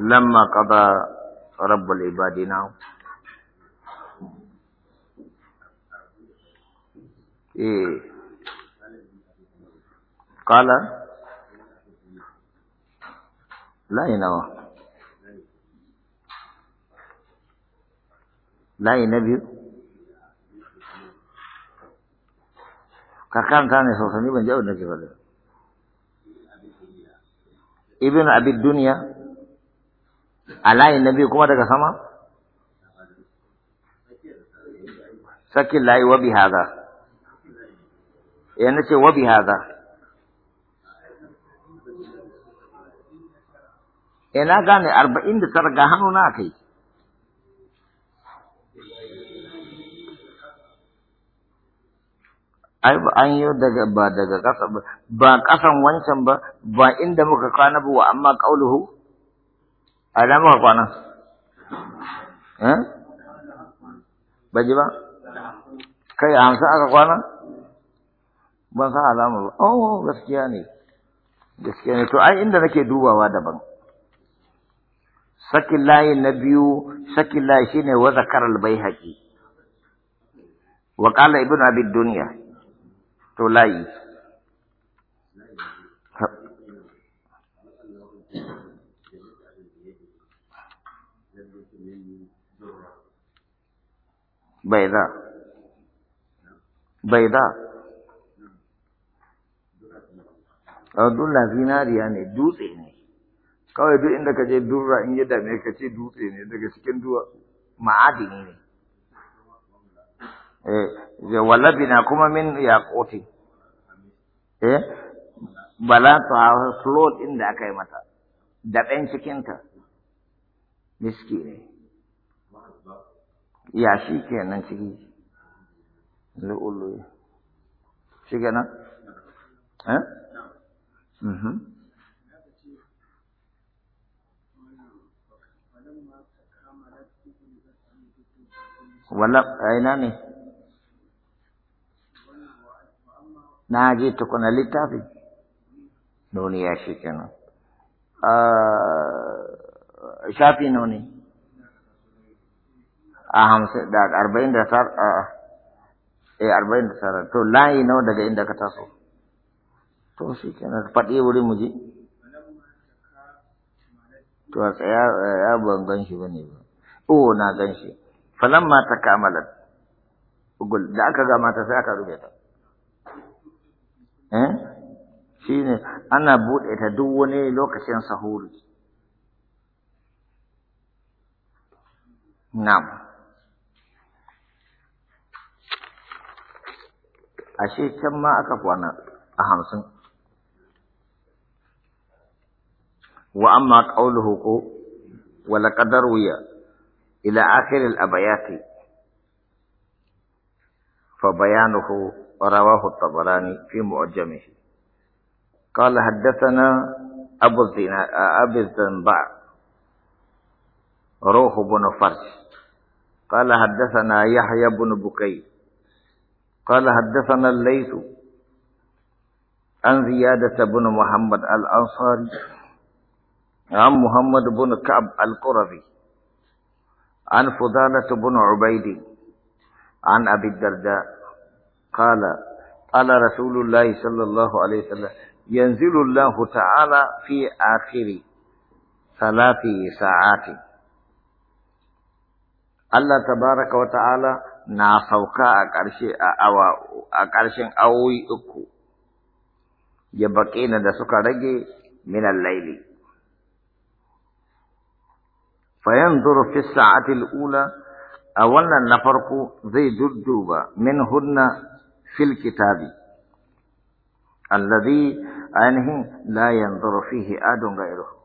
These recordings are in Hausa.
لما قضى رب العباد نام إيه قال لا ينوى لا ينبي كان كان يسوسني بن جاود نجيب ابن ابي الدنيا a layin na biyu kuma daga sama sakin layi wa haza ya eh, nace wa bi haza ina eh, gane arba'in da tara ga hannu na kai ai ba an yi daga ba daga ƙasa ba ba ƙasan wancan ba ba inda muka kwana ba amma ƙauluhu a ina Pak kwana ba ji ba kai a hamsin aka kwana ban san alama ba oh gaskiya ne gaskiya ne to ai inda nake dubawa daban sakin layi na biyu wa layi shine bayi zakaral wa kala ibn abi Dunia. to layi بيضاء بيضاء Abdullah zinariya ne dutse ne, kawai duk inda ka je durra in yi dame ka ce dutse ne daga cikin duwa ma'adini ne. Eh, wallabi na kuma min yaƙoti. Eh, bala ta float inda aka yi mata, daɓen cikinta, miski ne. yashi kenan ciki lu'ulu'i shi kenan mm-hmm. eh mhm wala aina ne na je tukuna littafi duniya shi kenan ah, shafi nuni a ah, hamsin da arba'in da tar a ah, ah. eh arba'in da tara to layi nawa daga inda ka taso to shi kenan faɗi wuri mu je to tsaya ya eh, ban gan shi bane ba o na gan shi falamma ta kamalat ugul da aka ga mata sai aka rubuta eh shine ana buɗe ta duk wani lokacin sahuri na'am ashe can ma aka kwana a hamsin wa amma qawluhu ko wala qadar wiya ila akhir al abayati fa bayanuhu rawahu tabarani fi mu'jamih qala haddathana abu zina abu الزنباع روح بن فرش قال حدثنا يحيى بن بكير قال حدثنا الليث عن زيادة بن محمد الأنصاري عن محمد بن كعب القرظي عن فضالة بن عبيد عن أبي الدرداء قال قال رسول الله صلى الله عليه وسلم ينزل الله تعالى في آخر ثلاث ساعات الله تبارك وتعالى na sauka a ƙarshe a awa a ƙarshen awoyi uku ya baƙi na da suka rage minan laili fayan fi sa'ati al-ula a wannan na farko zai dudduba min hunna fil kitabi alladhi ainihin la yanzuru fihi adun gairuhu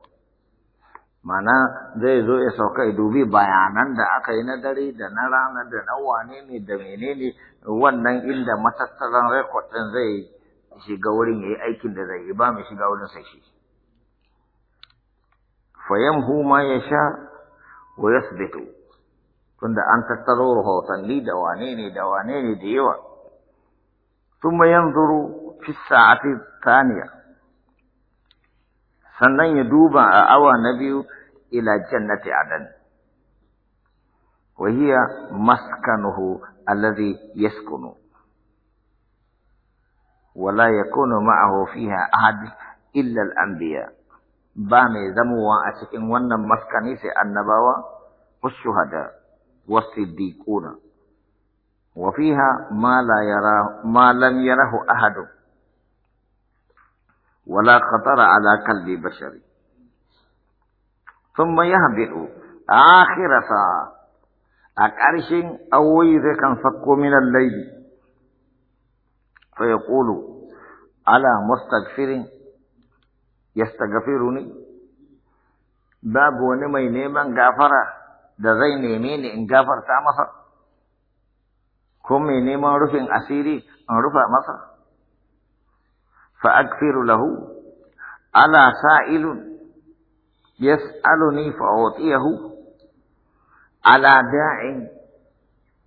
mana zai zo ya sauka ya dubi bayanan da aka yi na dare da na rana da na wane ne da menene wannan inda matattaran rekod ɗin zai shiga wurin ya yi aikin da zai yi ba mai shiga wurin sai shi fayamhu ma ya sha wa yasbitu tunda an tattaro rahotanni da wane ne da wane ne da yawa ثم ينظر fi sa'ati الثانية sannan ya duba a awa na biyu ila jannati adan wa hiya maskanuhu alladhi yaskunu wala yakunu ma'ahu fiha ahad illa al-anbiya ba mai zamowa a cikin wannan maskani sai annabawa والشهداء والصديقون وفيها ما لا يراه ما لم يره أحد ولا خطر على قلب بشر ثم يهدئ آخر ساعة أكارش أو ذكا كان من الليل فيقول على مستغفر يستغفرني باب ونمي نيما غافره da zai neme ni in gafarta masa, ko mai neman rufin asiri in rufa masa. فأكفر له ألا سائل يسألني فأعطيه ألا داع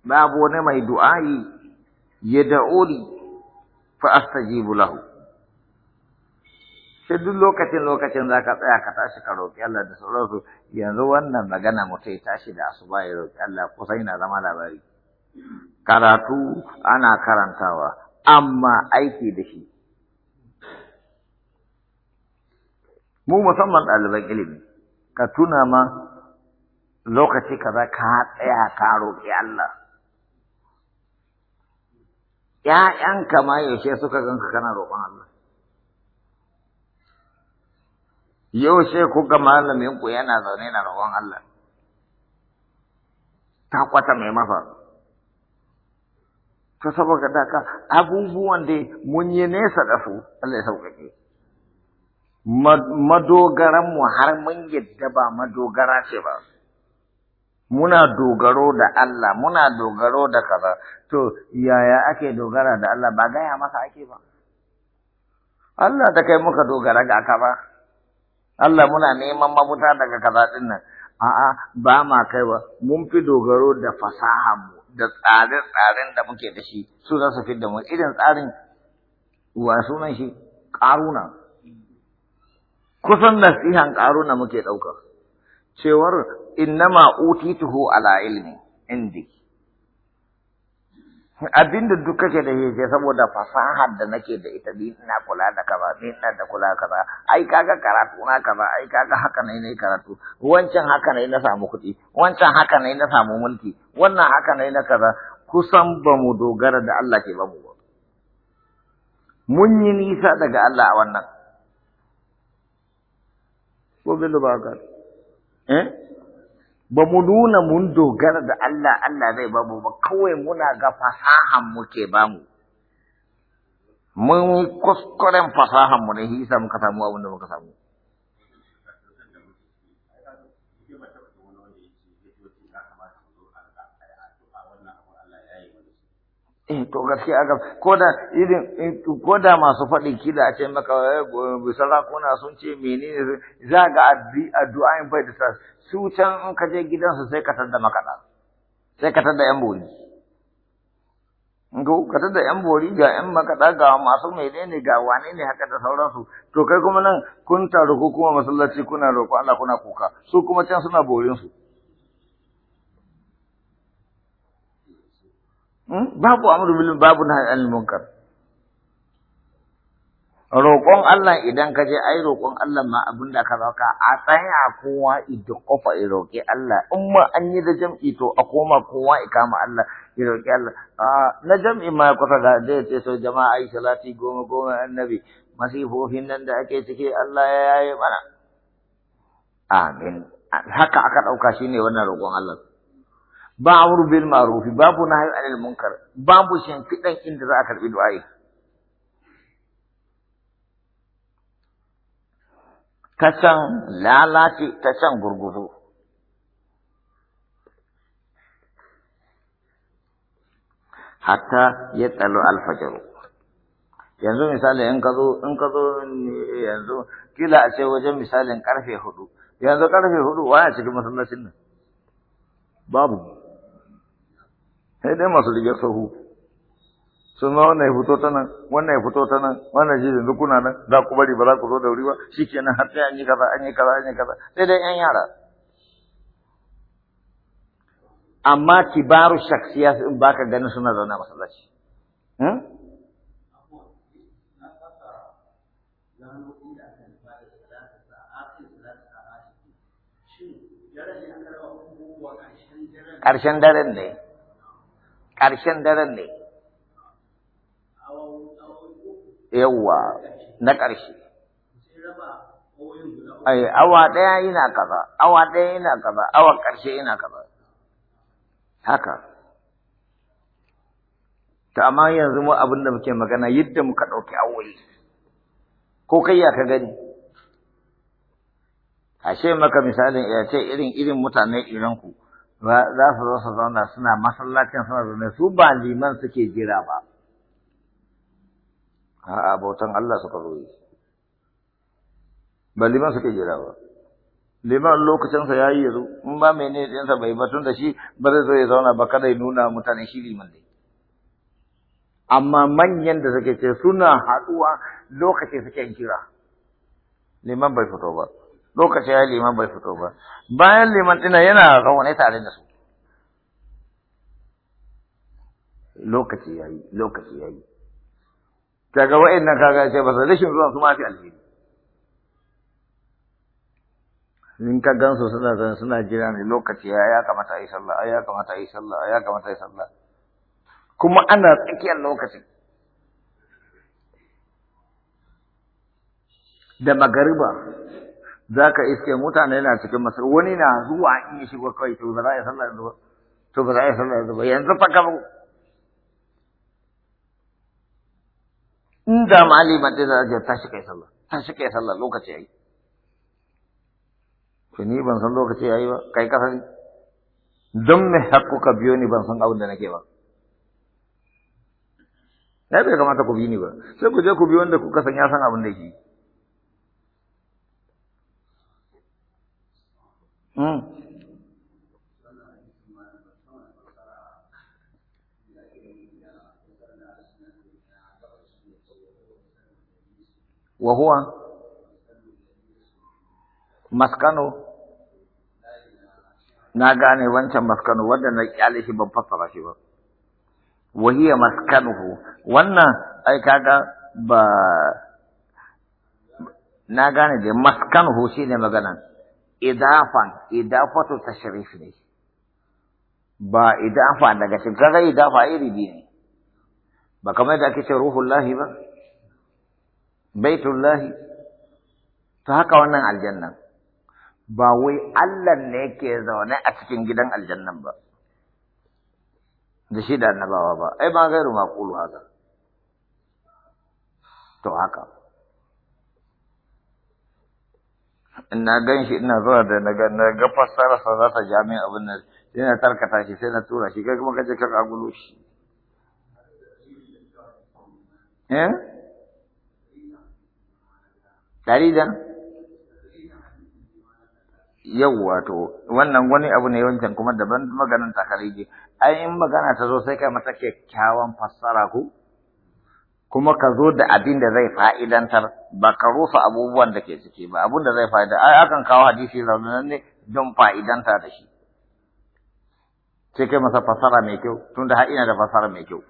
باب ونمي دعائي يدعوني فأستجيب له sai duk lokacin lokacin za ka tsaya ka tashi ka roƙi Allah da sauransu yanzu wannan magana mutum ya tashi da asuba ya roƙi Allah kusa na zama labari karatu ana karantawa amma aiki da shi mu musamman ɗaliban ilimi ka tuna ma lokaci kaza ka tsaya ka roƙi Allah ka ma yaushe suka ganka kana roƙon Allah yaushe kuka malamin ku yana zaune na roƙon Allah ta kwata mai masa ta saboda daga abubuwan da mun yi nesa da su Allah ya sauƙaƙe madogaranmu har mun yadda ba madogara ce ba. Muna dogaro da Allah, muna dogaro da kaza, to yaya ake dogara da Allah ba gaya masa ake ba. Allah da kai muka dogara ga ka ba, Allah muna neman mabuta daga kaza ɗin nan, a'a ba ma kai ba, mun fi dogaro da fasahanmu, da tsare-tsaren da muke da shi, su za su fi da mu, irin tsarin wa sunan shi ƙaruna. kusan nasihan ƙaruna muke ɗaukar. cewar innama utituhu ala ilmi indi abinda duk kake da hije saboda fasahar da nake da ita ni ina kula da kaza ni ina da kula kaza ai kaga karatu na kaza ai kaga haka ne ne karatu wancan haka ne na samu kuɗi wancan haka ne na samu mulki wannan haka ne na kaza kusan ba mu dogara da Allah ke ba mu ba mun yi nisa daga Allah a wannan ko Bello ba ka eh ba mu nuna mun dogara da Allah Allah zai ba mu ba kawai muna ga fasahan mu ke ba mu mun kuskuren fasahan mu ne hisa muka samu abin da muka samu eh to gaskiya aka ko da irin eh, ko da masu faɗi kida a ce maka eh, kuna sun ce menene za ga addu'a in bai da su can in ka je gidansu sai ka tadda makaɗa sai ka tadda yan bori ko ka tadda yan bori ga yan makaɗa ga masu menene ga wane ne haka da sauransu to kai kuma nan kun taru ko kuma masallaci kuna roƙo Allah kuna kuka su kuma can suna borin su Hmm? babu amru bil babu nahy anil munkar roƙon Allah idan ka je ai roƙon Allah ma abin da ka zauka a tsaya kowa ido kofa ya roƙi Allah in ma an yi da jam'i to a koma kowa ya kama Allah ya roƙi Allah na jam'i ma kusa da zai ya ce so jama'a ai salati goma goma annabi masifofin nan da ake ciki Allah ya yaye mana amin haka aka ɗauka shine wannan roƙon Allah ba amru bil ma'ruf babu nahi anil munkar babu shimfiɗan inda za a karɓi du'a'i ta can lalace ta can gurguzu hatta ya tsalo alfajaru yanzu misali in ka in ka yanzu kila a ce wajen misalin karfe hudu yanzu karfe hudu waya cikin masallacin nan babu sai dai masu rigar sahu sun zama wannan ya fito ta nan wannan ya fito ta nan wannan shi yanzu kuna nan za ku bari ba za ku zo da wuri ba shikenan har sai an yi kaza an yi kaza an yi kaza sai dai yan yara amma kibaru shaksiya in ba ka ganin suna zaune masallaci hmm? ƙarshen daren ne ƙarshen daren ne yawwa na ƙarshe ai awa ɗaya ina kaza awa ɗaya ina kaza awa ƙarshe ina kaza haka Ta amma yanzu mu abin da muke magana yadda muka ɗauki awoyi. ko kai ya ka gani ashe maka misalin ya ce irin irin mutane irin ku za su zo su zauna suna masallacin suna zaune su ba liman suke jira ba a abotan Allah suka zo yi ba liman suke jira ba liman lokacinsa ya yi yanzu in ba mai ne ɗinsa bai ba tun da shi ba zai zo ya zauna ba kada ya nuna mutane shi liman ne amma manyan da suke ce suna haɗuwa lokacin suke kira liman bai fito ba lokacin ya liman bai fito ba bayan liman dina yana zaune tare da su lokaci ya yi lokaci ya yi daga wa'in nan kaga ce ba rashin zuwa su ma fi alheri in ka gansu suna zan suna jira ne lokaci ya ya kamata a yi sallah ya kamata a yi sallah ya kamata a yi sallah kuma ana tsakiyar lokacin da magariba za ka iske mutane na cikin masar wani na zuwa in ya shigo kawai to ba za a sallar da ba to ba za a sallar da ba yanzu fa ka inda malima ta za ta shi kai sallah ta shi kai sallah lokaci yayi to ni ban san lokaci yayi ba kai ka sani don me ka biyo ni ban san abin da nake ba ya bai kamata ku bi ni ba sai ku je ku bi wanda kuka san ya san abin da yake وهو hmm. مسكنه na gane wancan maskanu wanda na kyale shi ban fassara shi ba wahiya maskanuhu wannan ai kaga ba na gane dai maskanuhu shine magana idafan idafatu tashrif ne ba idafa daga shi kaga idafa iri biyu ne ba kamar da ake ce ruhullahi ba baitullahi ta haka wannan aljannan ba wai Allah ne ke zaune a cikin gidan aljannan ba da shi da annabawa ba ai ba gairu maqulu haka to haka Ina gan shi ina zuwa da na ga fassara sa za ta jami'a abin nan sai na tarkata shi sai na tura shi kai kuma kaje ka agulo shi eh dari da yawwa to wannan wani abu ne wancan kuma daban maganan takariji ai in magana ta zo sai kai mata kyakkyawan fassara ku kuma ka zo da abin da zai fa'idantar ba ka rusa abubuwan da ke ciki ba abin da zai fa'ida ai akan kawo hadisi raunanan ne don fa'idanta da shi sai kai masa fasara mai kyau tun da ina da fasara mai kyau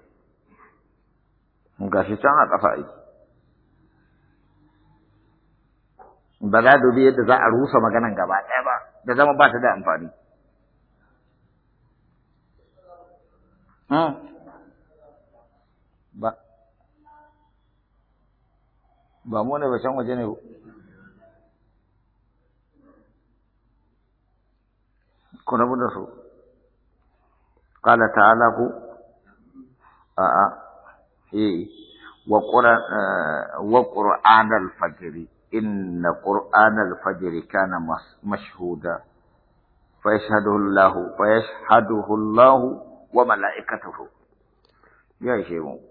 gashi can a ƙasa aiki ba za dubi yadda za a rusa maganan gaba ɗaya ba da zama ba ta da amfani hmm? ba بامونه بچان وجه نه کونه بنده سو قال تعالی کو ا اي وقران الفجر ان قران الفجر كان مشهودا فيشهده الله فيشهده الله وملائكته يا شيخ